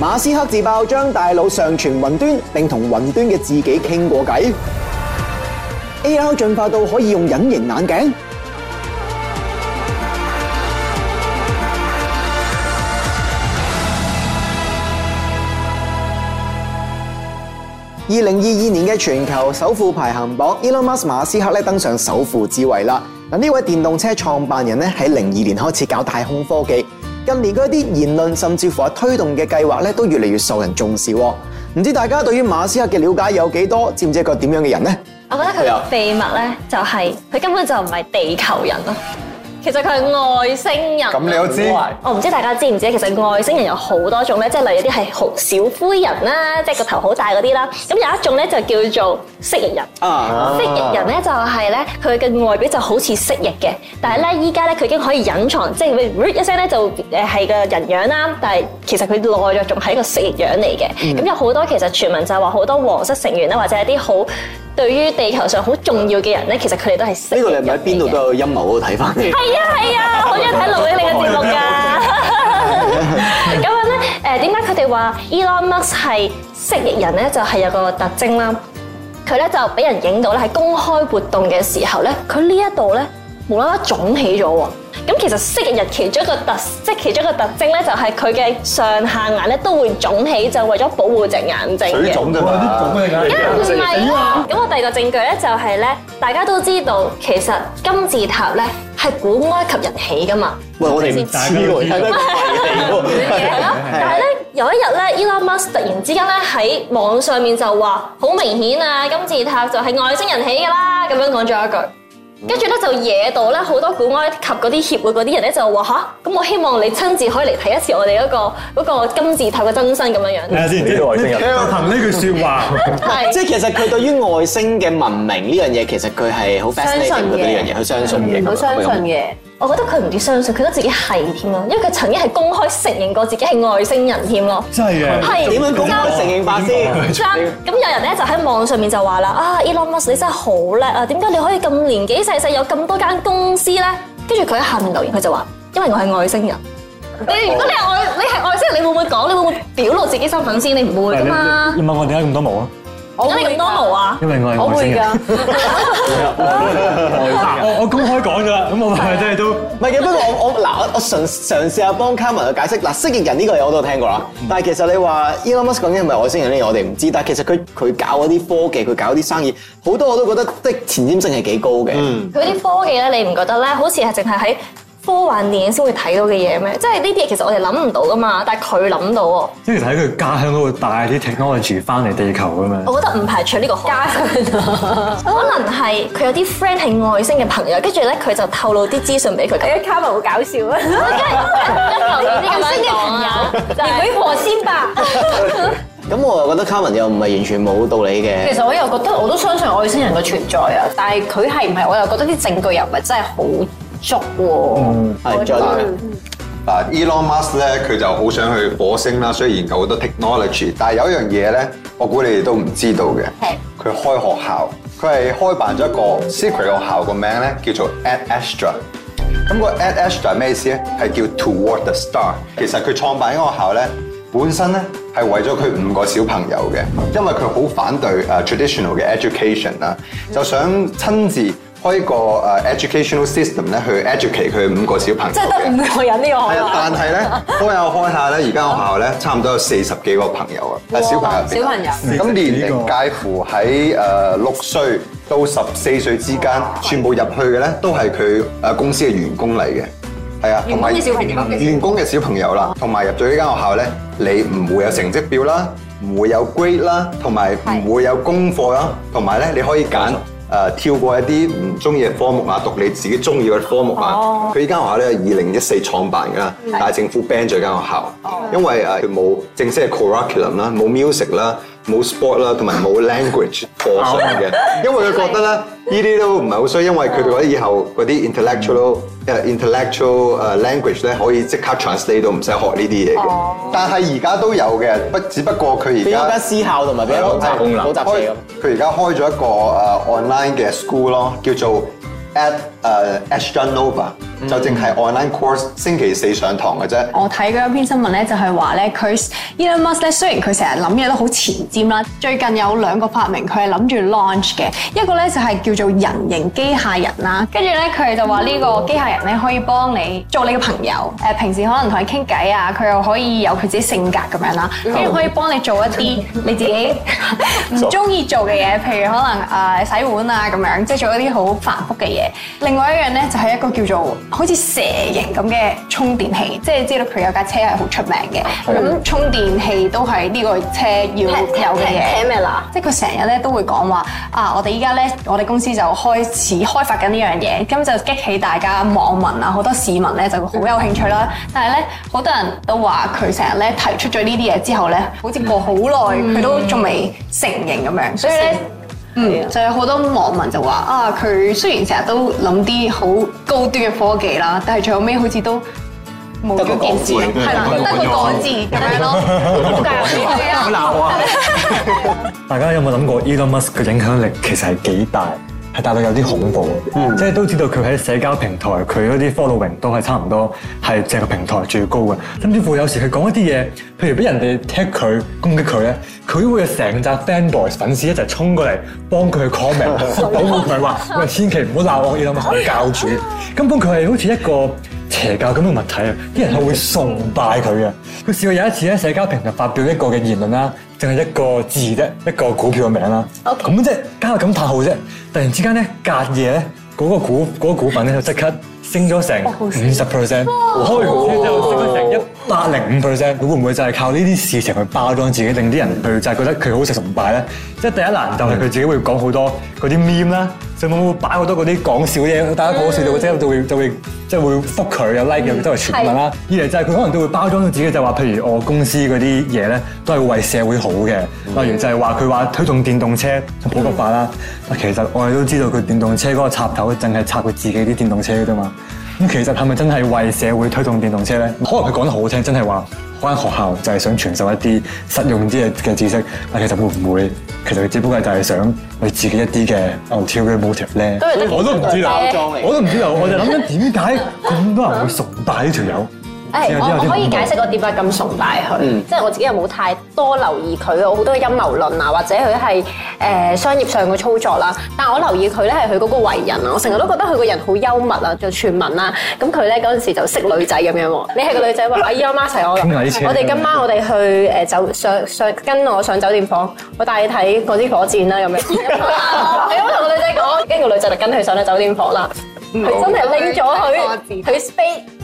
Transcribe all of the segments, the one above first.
馬斯克自爆將大腦上傳雲端，並同雲端嘅自己傾過偈。AR 進化到可以用隱形眼鏡。二零二二年嘅全球首富排行榜，Elon Musk 馬斯克登上首富之位啦！嗱，呢位電動車創辦人咧喺零二年開始搞太空科技。近年嗰啲言論，甚至乎係推動嘅計劃咧，都越嚟越受人重視。唔知大家對於馬斯克嘅了解有幾多？知唔知一個點樣嘅人呢？我覺得佢個秘密咧就係佢根本就唔係地球人咯。其實佢係外星人，咁你都知。外我唔知大家知唔知其實外星人有好多種咧，即係例如啲係好小灰人啦，即係個頭好大嗰啲啦。咁有一種咧就叫做蜥蜴人。蜥蜴、啊、人咧就係、是、咧，佢嘅外表就好似蜥蜴嘅，但係咧依家咧佢已經可以隱藏，即係會一聲咧就誒係個人樣啦。但係其實佢內在仲係一個蜥蜴樣嚟嘅。咁、嗯、有好多其實傳聞就係話好多皇室成員啦，或者一啲好，對於地球上好重要嘅人咧，其實佢哋都係蜥蜴人。呢個你咪喺邊度都有陰謀嗰睇翻嘅。係啊係啊，好鍾意睇陸永玲嘅節目㗎。咁樣咧，誒點解佢哋話 Elon Musk 係蜥蜴人咧？就係有個特徵啦。佢咧就俾人影到咧，喺公開活動嘅時候咧，佢呢一度咧無啦啦腫起咗喎。咁其實蜥蜴人其中一個特，即其中一個特徵咧，就係佢嘅上下眼咧都會腫起，就為咗保護隻眼睛嘅。水腫㗎嘛？啲腫嚟緊嚟㗎。唔係啊！咁、啊啊、我第二個證據咧就係、是、咧，大家都知道其實金字塔咧係古埃及人起㗎嘛。喂，我哋唔知喎。但係咧有一日咧，Elon Musk 突然之間咧喺網上面就話：好明顯啊，金字塔就係外星人起㗎啦！咁樣講咗一句。跟住咧就惹到咧好多古埃及嗰啲協會嗰啲人咧就話嚇，咁我希望你親自可以嚟睇一次我哋嗰個嗰個金字塔嘅真身咁樣樣。係啊，之前呢個外星人，佢又憑呢句説話，即係其實佢對於外星嘅文明呢樣嘢，其實佢係好相信嘅呢樣嘢，佢相信嘅，好吧相信嘅。是 我覺得佢唔知相信，佢覺得自己係添咯，因為佢曾經係公開承認過自己係外星人添咯。真係啊，係點樣公開承認法先說？咁 有人咧就喺網上面就話啦：啊，ah，Elon Musk 你真係好叻啊！點解你可以咁年紀細細有咁多間公司咧？跟住佢喺下面留言，佢就話：因為我係外星人。 你如果你係外，你係外星人，你會唔會講？你會唔會表露自己身份先？你唔會㗎嘛 你你你？你問我點解咁多毛啊？我你咁多毛啊？因為我係外星人。我，我公開講咗啦，咁我咪即係都唔係嘅。不過我我，嗱，我嘗嘗試下幫嘉雯去解釋。嗱，蜥蜴人呢個嘢我都聽過啦，但係其實你話 Elon Musk 究竟係咪外星人呢？我哋唔知。但係其實佢，佢搞嗰啲科技，佢搞啲生意，好多我都覺得即係前瞻性係幾高嘅。佢啲科技咧，你唔覺得咧？好似係淨係喺。科幻電影先會睇到嘅嘢咩？即係呢啲嘢其實我哋諗唔到噶嘛，但係佢諗到。即係睇佢家鄉都會帶啲 technology 翻嚟地球咁樣。我覺得唔排除呢個家庭、啊、可能，可能係佢有啲 friend 係外星嘅朋友，跟住咧佢就透露啲資訊俾佢。你啲嘉雯好搞笑啊！留係一啲咁星嘅朋友、就是，連佢破先吧！咁我又覺得嘉雯又唔係完全冇道理嘅。其實我又覺得我都相信外星人嘅存在啊，但係佢係唔係我又覺得啲證據又唔係真係好。足喎，係準。嗱，Elon Musk 咧，佢就好想去火星啦，所以研究好多 technology。但係有一樣嘢咧，我估你哋都唔知道嘅，佢開學校，佢係開辦咗一個 secret、嗯、學校呢，個名咧叫做 Ad Astra 咁、個 Ad Astra 係咩意思咧？係叫 Toward the Star。其實佢創辦一個學校咧，本身咧係為咗佢五個小朋友嘅，因為佢好反對誒 traditional 嘅 education 啦，啊嗯、就想親自。開個 educational system 咧去 educate 佢五個小朋友，即係得五個人呢個學校。但係咧，我有看下咧，而家學校咧差唔多有四十幾個朋友啊，小朋友，小朋友，咁年齡介乎喺誒六歲到十四歲之間，全部入去嘅咧都係佢誒公司嘅員工嚟嘅，係啊，同埋員工嘅小朋友啦，同埋入咗呢間學校咧，你唔會有成績表啦，唔會有 grade 啦，同埋唔會有功課啦，同埋咧你可以揀。誒跳過一啲唔中意嘅科目啊，讀你自己中意嘅科目啊。佢呢間學校咧，二零一四創辦㗎，但係是政府 ban 咗間學校，哦、因為誒佢冇正式嘅 curriculum 啦，冇 music 啦。冇 sport 啦，同埋冇 language 課程嘅，因為佢覺得咧，呢啲都唔係好衰，因為佢覺得以後嗰啲 intellectual 誒 intellectual 誒 language 咧可以即刻 translate 到，唔使學呢啲嘢。但係而家都有嘅，不只不過佢而家比較思考同埋比較高雜技。佢而家開咗一個誒 online 嘅 school 咯，叫做。at、uh, Ashton Nova、嗯、就淨係 online course 星期四上堂嘅啫。我睇過一篇新聞咧，就係話咧佢 Elon Musk 咧，雖然佢成日諗嘢都好前瞻啦，最近有兩個發明，佢係諗住 launch 嘅。一個咧就係、是、叫做人形機械人啦，跟住咧佢就話呢個機械人咧可以幫你做你嘅朋友誒，平時可能同你傾偈啊，佢又可以有佢自己性格咁樣啦，跟住可以幫你做一啲你自己唔中意做嘅嘢，譬如可能誒、呃、洗碗啊咁樣，即係做一啲好繁複嘅嘢。另外一樣咧，就係、是、一個叫做好似蛇形咁嘅充電器，即係你知道佢有架車係好出名嘅。咁、嗯嗯、充電器都係呢個車要有嘅嘢。即係佢成日咧都會講話啊，我哋依家咧，我哋公司就開始開發緊呢樣嘢，咁就激起大家網民啊、好多市民咧就好有興趣啦。但係咧，好多人都話佢成日咧提出咗呢啲嘢之後咧，好似過好耐，佢、嗯、都仲未成認咁樣，嗯、所以咧。嗯，就係有好多網民就話啊，佢雖然成日都諗啲好高端嘅科技啦，但係最後尾好似都冇咗件事。係啦，得個講字咁樣咯，好搞笑啊！大家有冇諗過 Elon Musk 嘅影響力其實係幾大？係大到有啲恐怖，嗯、即係都知道佢喺社交平台，佢嗰啲 following 都係差唔多係成個平台最高嘅，甚至乎有時佢講一啲嘢，譬如俾人哋踢佢攻擊佢咧，佢會成扎 fanboys 粉絲一齊衝過嚟幫佢去 comment 保護佢，話喂，千祈唔好鬧我，要諗下教主，根本佢係好似一個邪教咁嘅物體啊！啲人係會崇拜佢嘅。佢試過有一次喺社交平台發表一個嘅言論啦。淨係一個字啫，一個股票嘅名啦。咁 Okay. 即係加個咁嘅嘆號啫。突然之間咧，隔夜咧，嗰、那個股嗰、那個股票咧就即刻升咗成五十 percent，開盤之後升咗成一百零五 percent。會唔會就係靠呢啲事情去包裝自己，令啲人去就係覺得佢好食崇拜咧？即係 第一難就係佢自己會講好多嗰啲 meme 啦。佢冇擺好多嗰啲講笑嘢，大家講笑到即係就會就會即係會覆佢有 like 嘅，周圍傳聞啦。二嚟的就係佢可能都會包裝到自己，就話譬如我公司嗰啲嘢咧，都係為社會好嘅。例、嗯、如就係話佢話推動電動車普及化啦。嗯、其實我哋都知道佢電動車嗰個插頭凈係插佢自己啲電動車啫嘛。咁其實係咪真係為社會推動電動車呢？可能佢講得很好聽，真係話翻學校就係想傳授一啲實用啲嘅知識，但其實會唔會其實佢只不過就係想為自己一啲嘅 ulterior motive 咧？都我都唔知，知道，我都唔知道。我就諗緊點解咁多人會崇拜呢條友？ 誒，我、哎、我可以解釋我點解咁崇拜佢，嗯、即係我自己又冇太多留意佢，我好多嘅陰謀論啊，或者佢係誒商業上嘅操作啦。但係我留意佢咧係佢嗰個為人啊，我成日都覺得佢個人好幽默啊，做傳聞啦。咁佢咧嗰陣時就識女仔咁樣喎。你係個女仔話：阿姨阿媽，一齊我我哋今晚我哋去誒酒、呃、上上跟我上酒店房，我帶你睇嗰啲火箭啦咁樣。你冇同個女仔講，跟個女仔就跟佢上到酒店房啦，佢、嗯、真係拎咗佢佢 space。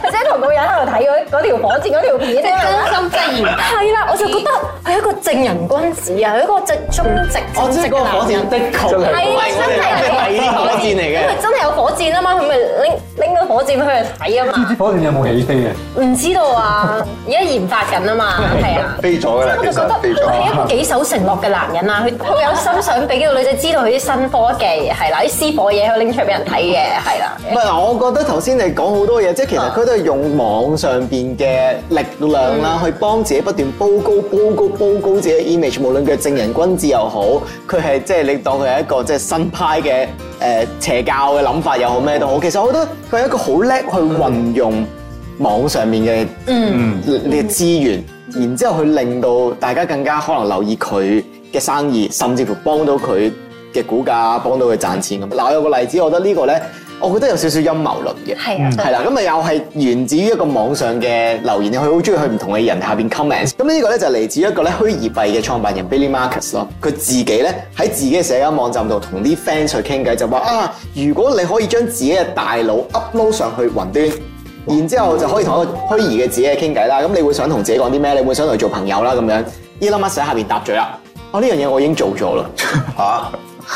佢真係同個人喺度睇嗰條火箭嗰條片，真心真言。係啦，我就覺得佢係一個正人君子啊，佢一個即忠直正直嘅男人。我知個火箭的確係真係係火箭嚟嘅。因佢真係有火箭啊嘛？佢咪拎拎個火箭去睇啊嘛？火箭有冇起飛嘅？唔知道啊，而家研發緊啊嘛，係啊。飛咗㗎，我就覺得佢係一個幾守承諾嘅男人啊！佢好有心想俾個女仔知道佢啲新科技係啦，啲私夥嘢佢拎出嚟俾人睇嘅係啦。唔係，我覺得頭先你講好多嘢，即係其實佢。都係用網上邊嘅力量啦，嗯、去幫自己不斷煲高、煲高、嗯、煲高自己嘅 image。無論佢係正人君子又好，佢係即係你當佢係一個即係、即係、新派嘅誒、呃、邪教嘅諗法又好咩都、嗯、好。其實我覺得佢係一個好叻去運用、嗯、網上面嘅呢個資源，然之後去令到大家更加可能留意佢嘅生意，甚至乎幫到佢嘅股價，幫到佢賺錢咁。嗱，我有個例子，我覺得個呢個咧。我覺得有少少陰謀論嘅，係啊、嗯，係啦，咁啊又係源自於一個網上嘅留言，佢好中意去唔同嘅人下邊 comments 咁呢個咧就嚟、是、自一個咧虛擬幣嘅創辦人 Billy Marcus 咯。佢自己咧喺自己嘅社交網站度同啲 fans 去傾偈，就話啊，如果你可以將自己嘅大腦 upload 上去雲端，然之後就可以同個虛擬嘅自己傾偈啦。咁你會想同自己講啲咩？你會想同佢做朋友啦咁樣。呢、這個，Elon Musk 喺下邊答嘴啦。哦，呢樣嘢我已經做咗啦。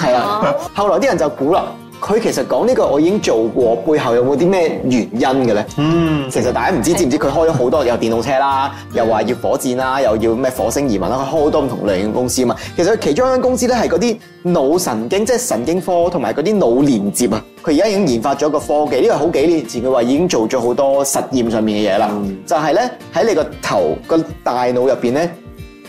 吓？係啊。 後來啲人就估啦。佢其實講呢個我已經做過，背後有冇啲咩原因嘅咧？嗯，其實大家唔知知唔知佢開咗好多有電動車啦，又話要火箭啦，又要咩火星移民啦，佢開咗好多唔同類型嘅公司啊嘛。其實佢其中一間公司咧係嗰啲腦神經，即係神經科同埋嗰啲腦連接啊。佢而家已經研發咗個科技，呢個好幾年前佢話已經做咗好多實驗上面嘅嘢啦，就係咧喺你個頭個大腦入邊咧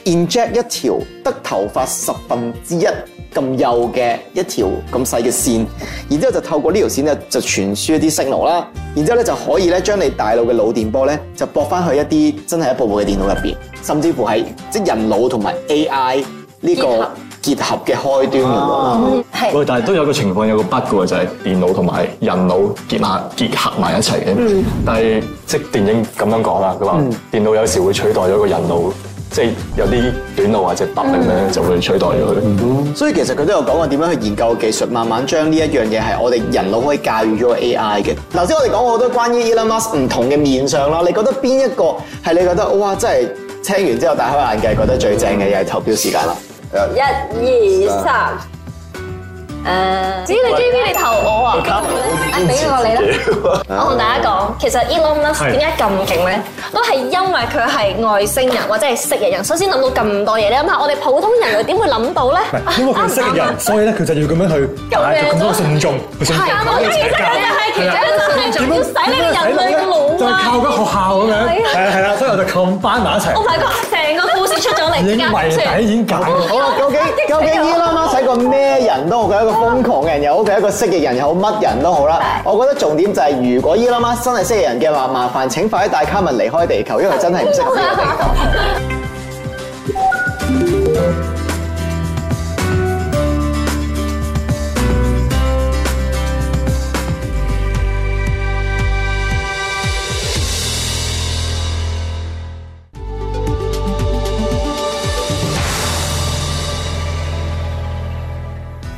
inject 一條得頭髮十分之一。咁幼嘅一條咁細嘅線，然之後就透過呢條線咧就傳輸一啲訊號啦，然之後咧就可以咧將你大腦嘅腦電波咧就駁翻去一啲真係一部部嘅電腦入邊，甚至乎係即係人腦同埋 AI 呢個結合嘅開端嘅喂。但係都有個情況有個 bug 嘅喎，就係電腦同埋人腦結合結合埋一齊嘅。嗯，但係即係電影咁樣講啦，佢話電腦有時會取代咗一個人腦。即係有啲短路或者突嘅咧，就會取代咗佢。嗯、所以其實佢都有講過點樣去研究技術，慢慢將呢一樣嘢係我哋人腦可以駕馭咗 AI 嘅。頭先我哋講好多關於 Elon Musk 唔同嘅面相啦，你覺得邊一個係你覺得哇真係聽完之後大開眼界，覺得最正嘅又係投票時間啦！一、嗯、二、三。誒，至於你 A P P，你投我啊！啊，俾我你啦！我同大家講，其實 Elon Musk，點解咁勁咧？都係因為佢係外星人或者係蜥蜴人，所以先諗到咁多嘢。你諗下，我哋普通人又點會諗到咧？唔係因為佢蜥蜴人，所以咧，佢就要咁樣去尊重尊重佢先。係，我知，我知，係點解？點解？點樣使呢個人類腦啊？就靠間學校咁樣，係啊，係啊，所以我就同班埋一齊。我係講成個。出迷已經迷底，已經咁啦。好啦，究竟究竟依拉媽使個咩人都好，佢係一個瘋狂嘅人又好，佢係一個蜥蜴人又好，乜人都好啦。我覺得重點就係、是，如果伊拉媽真係蜥蜴人嘅話，麻煩請快啲帶嘉雯離開地球，因為真係唔識呢個地球。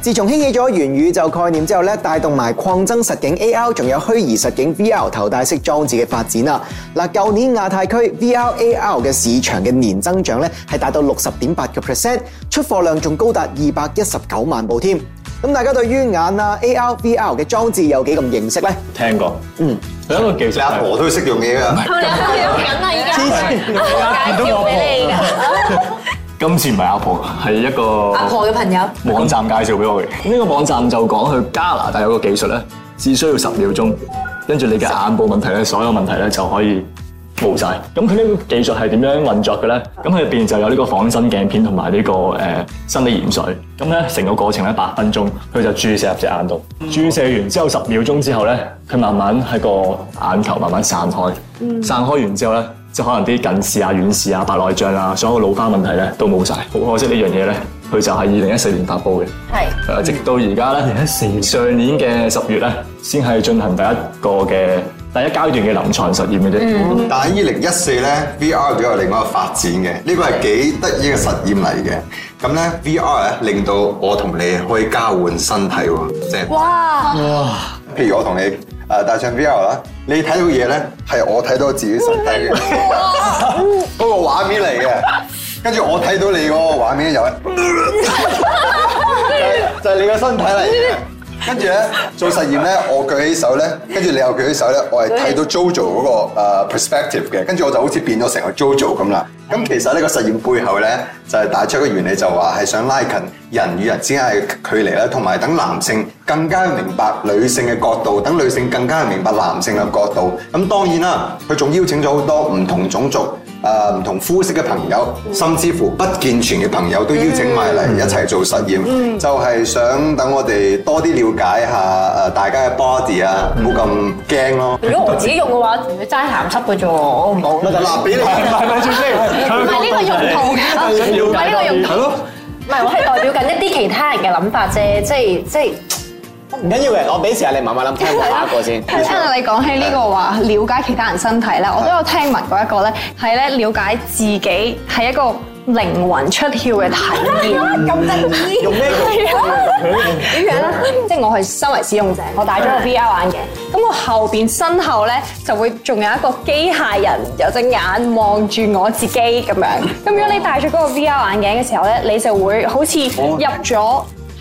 自從興起咗元宇宙概念之後咧，帶動埋擴增實境 AR，仲有虛擬實境 VR 頭戴式裝置嘅發展啊！嗱，舊年亞太區 VR AR 嘅市場嘅年增長咧係達到六十點八個 percent，出貨量仲高達二百一十九萬部添。咁大家對於眼啊 AR VR 嘅裝置有幾咁認識咧？聽過，嗯，我一個阿婆都識用嘢啊，佢兩日用緊啊，依家， 今次唔係阿婆，係一個阿婆嘅朋友網站介紹俾我嘅。呢個網站就講佢加拿大有個技術咧，只需要十秒鐘，跟住你嘅眼部問題咧，十所有問題咧就可以冇晒。咁佢呢個技術係點樣運作嘅咧？咁佢入邊就有呢個仿生鏡片同埋呢個誒、呃、生理鹽水。咁咧成個過程咧八分鐘，佢就注射入隻眼度。嗯、注射完之後十秒鐘之後咧，佢慢慢喺個眼球慢慢散開。嗯、散開完之後咧。即可能啲近視啊、遠視啊、白內障啊，所有老花問題咧都冇晒。好可惜呢樣嘢咧，佢就係二零一四年發布嘅。係是，直到而家咧，二零一四年，上年嘅十月咧，先係進行第一個嘅第一階段嘅臨床實驗嘅啫。嗯、但係二零一四咧，VR 比較另外一個發展嘅，呢、呢個係幾得意嘅實驗嚟嘅。咁咧，VR 咧令到我同你可以交換身體喎，即係哇哇。哇譬如我同你誒戴、呃、上 VR 啦。你睇到嘢咧，係我睇到自己身體嘅嗰個畫面嚟嘅，跟住我睇到你嗰個畫面又，就係你個身體嚟嘅。跟住呢，做實驗呢，我舉起手呢，跟住你又舉起手呢， 我係睇到 JoJo 嗰 jo 個誒 perspective 嘅，跟住我就好似變咗成個 JoJo 咁啦。咁、嗯、其實呢、這個實驗背後呢，就係、是、帶出一個原理，就話係想拉近人與人之間嘅距離啦，同埋等男性更加明白女性嘅角度，等女性更加明白男性嘅角度。咁當然啦，佢仲邀請咗好多唔同種族。誒唔同膚色嘅朋友，甚至乎不健全嘅朋友都邀請埋嚟一齊做實驗，就係想等我哋多啲了解下誒大家嘅 body 啊，唔好咁驚咯。如果我自己用嘅話，仲要齋鹹濕嘅啫，我冇。咪就立畀你咪先。唔係呢個用途嘅，唔係呢個用途。係咯，唔係我係代表緊一啲其他人嘅諗法啫，即係即係。唔緊要嘅，我俾時間你慢慢諗聽下一個 對 先。聽到你講起呢個話， 了解其他人身體咧，我都有聽聞過一個咧，係咧了解自己係一個靈魂出竅嘅體驗。咁得意！用咩對 用？點 樣咧？即係我係身為使用者，我戴咗個 VR 眼鏡，咁是的 我後邊身後咧就會仲有一個機械人，有隻眼望住我自己咁樣。咁如果你戴住嗰個 VR 眼鏡嘅時候咧，你就會好似入咗、嗯。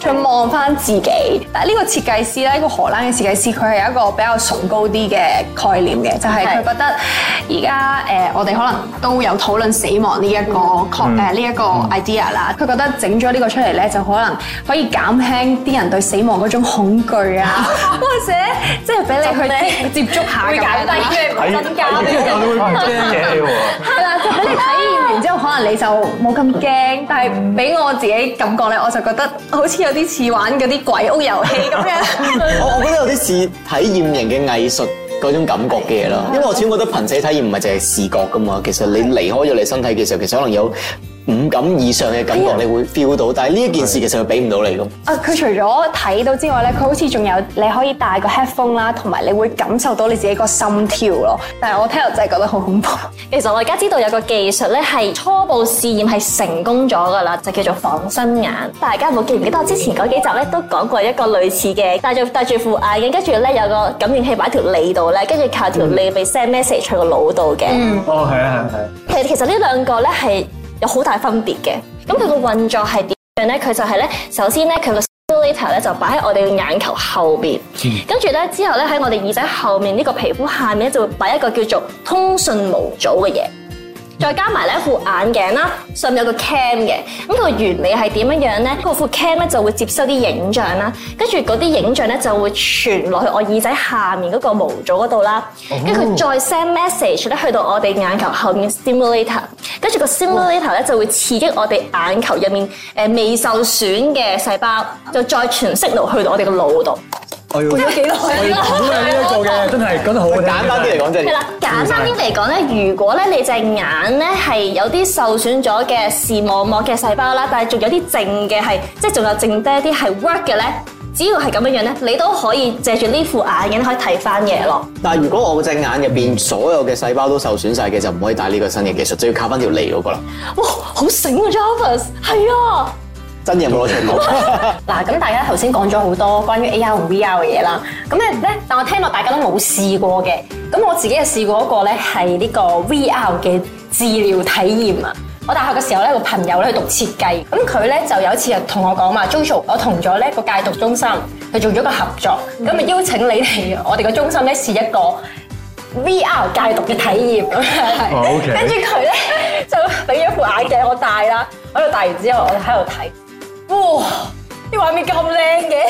去望翻自己，但係呢個設計師咧，呢個荷蘭嘅設計師，佢係一個比較崇高啲嘅概念嘅，就係、係、佢覺得而家誒，我哋可能都有討論死亡呢一、呢個確呢一個 idea 啦、嗯。佢覺得整咗呢個出嚟咧，就可能可以減輕啲人對死亡嗰種恐懼啊， 或者即係俾你去接接觸下、嗯，會減低佢哋唔驚嘅。係啦、哎，即、哎、係、哎啊、 你體驗完之後，可能你就冇咁驚。但係俾我自己感覺咧，我就覺得好似有啲似玩嗰啲鬼屋遊戲咁樣， 我我覺得有啲似體驗型嘅藝術嗰種感覺嘅嘢咯。 因為我始終覺得瀕死體驗唔係淨係視覺噶嘛，其實你離開咗你身體嘅時候，其實可能有。五感以上嘅感覺，你會 feel 到，哎、呀但係呢一件事其實佢俾唔到你咯。啊，佢除咗睇到之外咧，佢好似仲有你可以戴個 headphone 啦，同埋你會感受到你自己個心跳咯。但係我聽真係覺得好恐怖。其實我而家知道有個技術咧，係初步試驗係成功咗噶啦，就叫做仿生眼。大家有冇記唔記得我之前嗰幾集咧都講過一個類似嘅戴住戴住副眼鏡，跟住咧有個感應器擺條脷度咧，跟住靠條脷嚟 send message 去個腦度嘅。嗯、哦，係啊，係啊，係。其實其實呢兩個咧係。有好大分別嘅，咁佢個運作係點樣呢？佢就係呢。首先呢，佢個 s o l o t o r 就擺喺我哋嘅眼球後面。嗯、跟住呢，之後呢，喺我哋耳仔後面呢個皮膚下面咧就會擺一個叫做通訊模組嘅嘢。再加埋咧副眼鏡啦，上面有個 cam 嘅，咁個原理係點樣樣咧？副 cam 咧就會接收啲影像啦，跟住嗰啲影像咧就會傳落去我耳仔下面嗰個模組嗰度啦，跟住佢再 send message 咧去到我哋眼球後面 simulator，跟住個 simulator 咧就會刺激我哋眼球入面誒未受損嘅細胞，就再傳釋落去到我哋個腦度。我有幾耐啦，好容易做嘅，真係講得好簡單啲嚟講就係、係。啦，簡單啲嚟講咧，嗯、如果咧你隻眼咧係有啲受損咗嘅、嗯、視網膜嘅細胞啦，但係仲有啲淨嘅係，即係仲有淨低一啲係 work 嘅咧，只要係咁樣樣咧，你都可以借住呢副眼鏡可以睇翻嘢咯。但係如果我隻眼入邊所有嘅細胞都受損晒嘅，就唔可以戴呢個新嘅技術，就要靠翻條脷嗰個啦。哇，好醒啊 James 係啊！真冇人嗰場嗱，咁 大家頭先講咗好多關於 AR 同 VR 嘅嘢啦，咁咧，但我聽落大家都冇試過嘅，咁我自己嘅試過一個咧係呢個 VR 嘅治療體驗啊！我大學嘅時候咧，個朋友咧去讀設計，咁佢咧就有一次同我講話 ，Jojo，我同咗呢個戒毒中心去做咗個合作，咁啊邀請你哋，我哋個中心咧試一個 VR 戒毒嘅體驗咁啊，跟住佢咧就俾咗副眼鏡我戴啦， 我度戴完之後我，我喺度睇。哇！啲畫面咁靚嘅，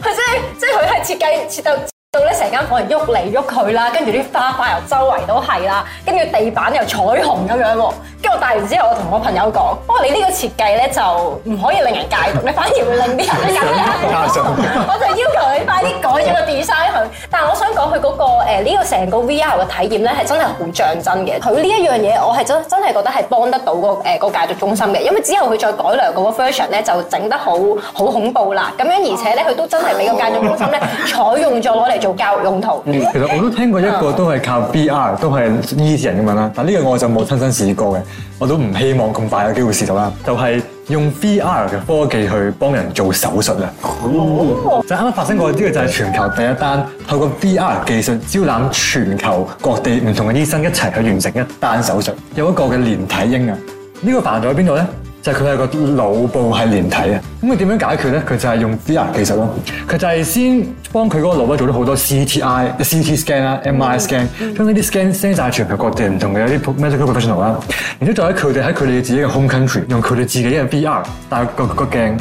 係真係，即係佢係設計設到。到咧，成間房嚟喐嚟喐佢啦，跟住啲花花又周圍都係啦，跟住地板又彩虹咁樣喎。跟住我帶完之後，我同我朋友講：不、哦、過你呢個設計咧就唔可以令人戒毒，你反而會令啲人戒毒。我就要求你快啲改咗個 design 佢。但係我想講佢嗰個呢、呃這個成個 VR 嘅體驗咧係真係好像真嘅。佢呢一樣嘢我係真真係覺得係幫得到嗰、那、誒個戒毒、呃那個、中心嘅，因為之後佢再改良嗰個 version 咧就整得好好恐怖啦。咁樣而且咧佢都真係俾個戒毒中心咧採用咗攞嚟做。教用途、嗯，其實我都聽過一個都係靠 VR， 都係醫士人咁樣啦，但呢個我就冇親身試過嘅，我都唔希望咁快有機會試到啦。就係、是、用 VR 嘅科技去幫人做手術啊！ 就啱啱發生過呢、呢個就係全球第一單，透過 VR 技術招攬全球各地唔同嘅醫生一齊去完成一單手術，有一個嘅連體嬰啊！呢個、繁呢個煩在邊度咧？佢係個腦部係連體啊，咁佢點樣解決咧？佢就係用 VR 技術咯。佢就係先幫佢嗰個腦咧做咗好多 CTI、CT scan 啦、MRI scan，將嗰啲 scan send 曬全球各地唔同嘅有啲 medical professional 啦。然之後就喺佢哋喺佢哋自己嘅 home country，用佢哋自己嘅 VR，帶個個鏡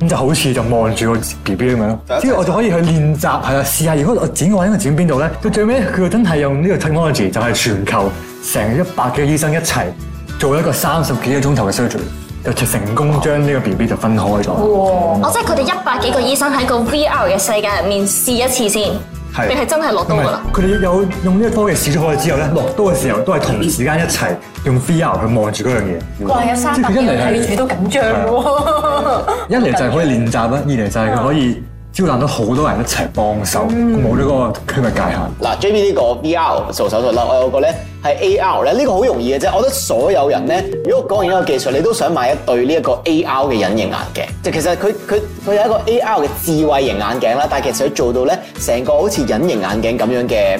咁就好似就望住個 B B 咁樣咯。之後我就可以去練習，係啦，試下如果我剪嘅話應該剪邊度咧？到最尾佢又真係用呢個 technology，就係全球成一百幾個醫生一齊做一個三十幾個鐘頭嘅 surgery。就成功將呢個 B B 就分開咗。哇！我，哦 啊、即係佢哋一百幾個醫生喺個 V R 嘅世界入面試一次先，定係、嗯、真係落刀噶啦。佢哋有用呢個刀嘅試咗開之後咧，落刀嘅時候都係同時間一齊用 V R 去望住嗰樣嘢。哇、嗯！有三百嚟係處到緊張喎。一嚟就係可以練習啦， 二嚟就係佢可以。招攬到好多人一齊幫手，冇呢、嗯、個區域界限。嗱，J B 呢個 V R 做手術啦，我又覺得係 A R 咧，呢個好容易嘅啫。我覺得所有人咧，如果講完呢個技術，你都想買一對呢一個 A R 嘅隱形眼鏡。就其實佢佢佢有一個 A R 嘅智慧型眼鏡啦，但係其實佢做到咧，成個好似隱形眼鏡咁樣嘅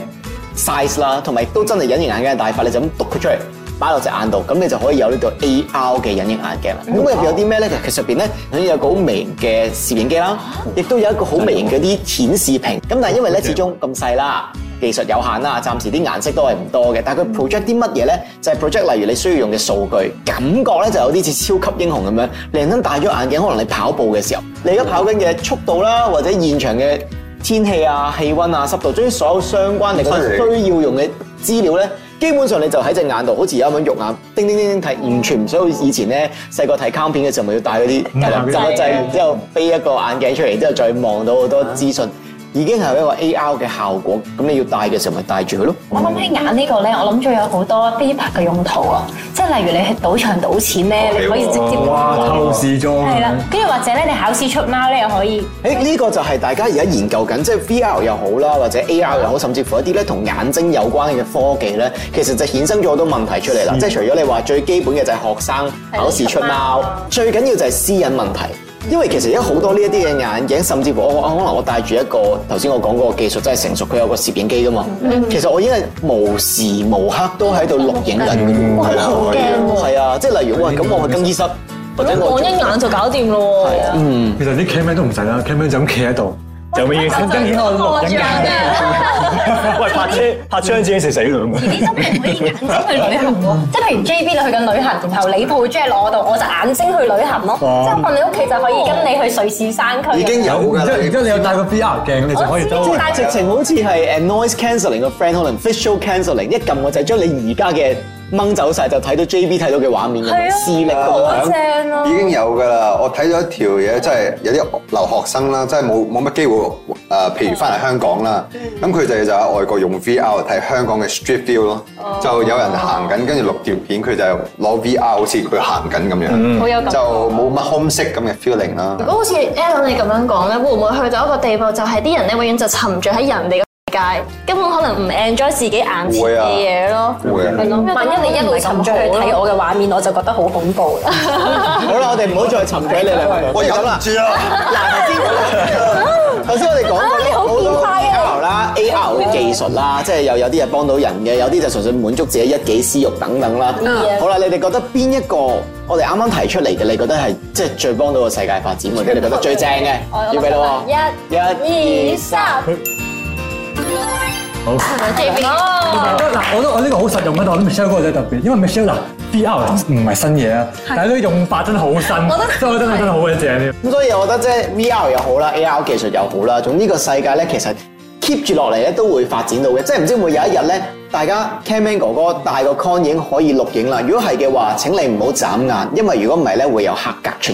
size 啦，同埋都真係隱形眼鏡嘅大法，你就咁篤佢出嚟。擺落隻眼度，咁你就可以有呢個 AR 嘅隱形眼鏡啦。咁入邊有啲咩咧？其實入邊咧，佢有個好微型嘅攝影機啦，亦都有一個好微型嘅啲顯示屏。咁但係因為咧，始終咁細啦，技術有限啦，暫時啲顏色都係唔多嘅。但係佢 project 啲乜嘢咧？就係、是、project 例如你需要用嘅數據，感覺咧就有啲似超級英雄咁樣。你當戴咗眼鏡，可能你跑步嘅時候，你而家跑緊嘅速度啦，或者現場嘅天氣啊、氣温啊、濕度，將所有相關你需要用嘅資料咧。基本上你就喺隻眼度，好似有一種肉眼叮叮叮叮睇，完全唔需要以前咧細個睇卡通片嘅時候，咪要戴嗰啲罩一劑，就然之後背一個眼鏡出嚟，之後再望到好多資訊，啊、已經係一個 AR 嘅效果。咁你要戴嘅時候咪戴住佢咯。我諗起眼呢個咧，我諗咗有好多飛拍嘅用途啊。例如你去賭場賭錢咧，哦、你可以直接哇透視咗，係啦，跟住或者咧，你考試出貓咧又可以。誒，呢個就係大家而家研究緊，即係 V R 又好啦，或者 A R 又好，甚至乎一啲咧同眼睛有關嘅科技咧，其實就衍生咗好多問題出嚟啦。的即係除咗你話最基本嘅就係學生考試出貓，出貓最緊要就係私隱問題。因為其實而家好多呢一啲嘅眼鏡，甚至乎我可能我戴住一個頭先我講嗰個技術真係成熟，佢有個攝影機噶嘛。其實我已經無時無刻都喺度錄影緊㗎，係啊，係啊，即係例如話咁，我去更衣室，或者我一眼就搞掂啦喎。嗯，其實啲 c a m 都唔使啦 c a m 就咁企喺度，就為嘅更喂，泊車泊車已經食死兩㗎。遲啲真係可以眼睛去旅行喎，即係譬如 J B 你去緊旅行，然後你抱 J B 攞度，我就眼睛去旅行咯。即係你屋企就可以跟你去瑞士山區。已經有㗎，然之後你有戴個 VR 鏡，你就可以即係直情好似係誒 noise cancelling 個 friend 可能 visual cancelling 一撳，我就將你而家嘅。掹走晒就睇到 J B 睇到嘅畫面咁樣，視、啊、力都好聲啦。啊、已經有㗎啦，我睇咗一條嘢，即係有啲留學生啦，即係冇冇乜機會誒、呃，譬如翻嚟香港啦。咁佢哋就喺外國用 VR 睇香港嘅 street view 咯、哦。就有人行緊，跟住錄條片，佢就攞 VR 好似佢行緊咁樣，嗯、就冇乜 homesick 咁嘅 feeling 啦。如果好似 Alan 你咁樣講咧，會唔會去到一個地步，就係啲人咧永遠就沉著喺人哋？界根本可能唔 enjoy 自己眼前嘅嘢咯，係咯？萬一你一路沉著去睇我嘅畫面，我就覺得好恐怖啦。好啦，我哋唔好再沉著你兩位，我哋咁啦，嗱，先。頭先我哋講過好多 AR 啦，AR 嘅技術啦，即係又有啲係幫到人嘅，有啲就純粹滿足自己一己私慾等等啦。好啦，你哋覺得邊一個？我哋啱啱提出嚟嘅，你覺得係即係最幫到個世界發展，或者你覺得最正嘅？要俾啦喎！一、二、三。好嗱，我都我呢個好實用喺度，的的我覺得，得 Michelle 哥真係特別，因為 Michelle 嗱的，V R 唔係新嘢啊，的但係呢用法真係好新，我覺得我真係的真係好正添。咁所以我覺得即係 V R 又好啦，A R 技術又好啦，總之呢個世界咧其實 keep 住落嚟咧都會發展到嘅。即係唔知會有一日咧，大家、mm hmm. Cammy 哥哥戴個 con 已經可以錄影啦。如果係嘅話，請你唔好眨眼，因為如果唔係咧，會有黑格出